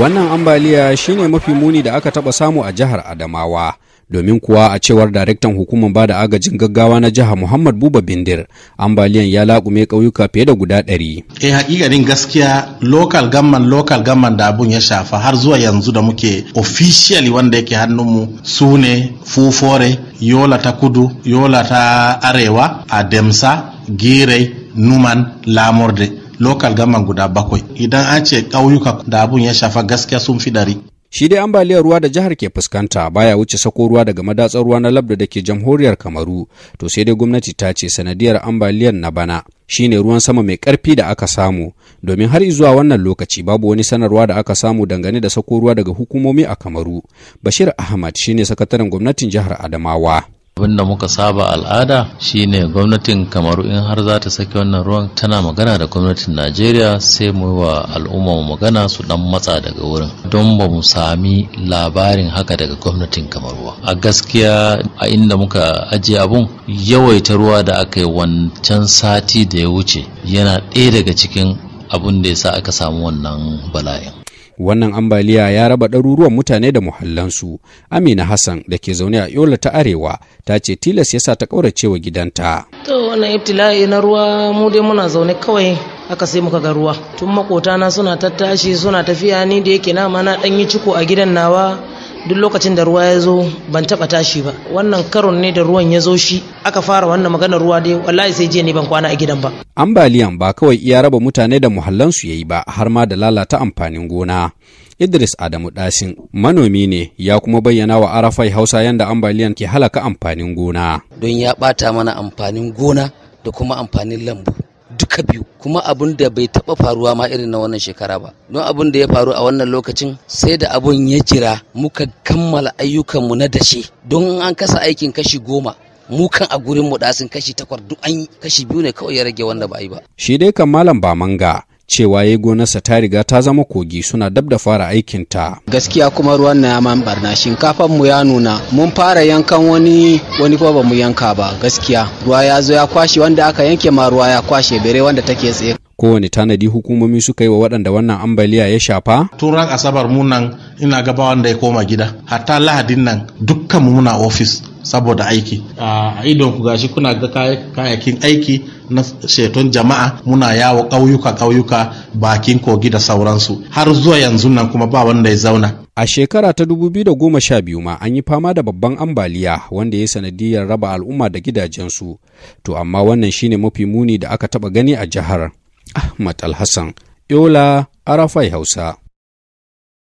Wannan ambaliya shine mafi muni da aka taɓa samu a jihar Adamawa. Domin kuwa a cewar daraktan hukumar da agajin gaggawa na jihar Muhammad Buba Bindir, ambaliyan ya laƙume ƙauyuka fiye da guda ɗari. Eh haƙiƙanin gaskiya lokal gamman lokal gamman da abun ya shafa har zuwa yanzu da muke officially wanda yake hannunmu su ne Fufore, Yola ta Kudu, Yola ta Arewa, Ademsa, girai Numan, Lamurde. local government guda bakwai idan an ce ƙauyuka da abun ya shafa gaskiya sun fi dari Shi dai ambaliyar ruwa da jihar ke fuskanta baya wuce sako ruwa daga madatsar ruwa na labda da ke jamhuriyar Kamaru, to sai dai gwamnati ta ce sanadiyar ambaliyar na bana shine ruwan sama mai karfi da aka samu, domin har zuwa wannan lokaci babu wani sanarwa da aka samu dangane da sako ruwa daga hukumomi a Kamaru. Bashir Ahmad shine sakataren gwamnatin jihar Adamawa. abin da muka saba al'ada shine gwamnatin kamaru in har za ta saki wannan ruwan tana magana da gwamnatin najeriya sai mu wa al'umma magana su dan matsa daga wurin don ba mu sami labarin haka daga gwamnatin kamaru ba a gaskiya a inda muka ajiye abun yawaita ruwa da aka yi wancan sati da ya wuce yana ɗaya daga cikin abun da ya sa aka samu wannan bala'in wannan ambaliya ya raba ɗaruruwan mutane da muhallansu amina hassan da ke zaune a yola ta arewa ta ce tilas ya sa ta ƙaurace wa gidanta to wannan ibtila'i na ruwa mu dai muna zaune kawai aka sai muka ga ruwa tun makotana suna tattashi suna tafiya ni da yake na ma na ɗan yi ciko a gidan nawa duk lokacin da ruwa ya zo ban taba tashi ba wannan karon ne da ruwan ya zo shi aka fara wannan maganar ruwa dai wallahi sai jiya ne ban kwana a gidan ba ambaliyan ba kawai iya raba mutane da su yayi ba har ma da lalata amfanin gona Idris Adamu Dasin manomi ne ya kuma bayyana wa Arafai Hausa yadda ambaliyan ke halaka amfanin gona. Don ya bata mana amfanin gona da kuma amfanin lambu. duka biyu kuma abun da bai taba faruwa ma irin na wannan shekara ba don abun da ya faru a wannan lokacin sai da abun ya jira muka kammala ayyukanmu na dashe don an kasa aikin kashi goma mu kan a gurin mu sun kashi takwas duk an kashi biyu ne kawai ya rage wanda ba yi ba shi dai kan malam ba manga cewa ya gonarsa ta riga ta zama kogi suna dab da fara aikinta. Gaskiya kuma ruwan na yaman barna shinkafan mu ya nuna mun fara yankan wani wani kuma ba mu yanka ba gaskiya ruwa ya zo ya kwashe wanda aka yanke ma ruwa ya kwashe bere wanda take tsaye. Kowane tanadi hukumomi suka yi wa waɗanda wannan ambaliya ya shafa? Tun ran asabar mu nan ina gaba wanda ya koma gida hatta lahadin nan dukkan muna ofis saboda aiki a idon ku gashi kuna ga kayakin aiki na sheton jama'a muna yawo ƙauyuka ƙauyuka bakin kogi da sauransu har zuwa yanzu nan kuma ba wanda ya zauna A shekara ta 2012 ma an yi fama da babban ambaliya wanda ya sanadiyar raba al'umma da gidajensu, to amma wannan shine mafi muni da aka taɓa gani a jihar. Ahmad Alhassan, Yola, Arafai Hausa.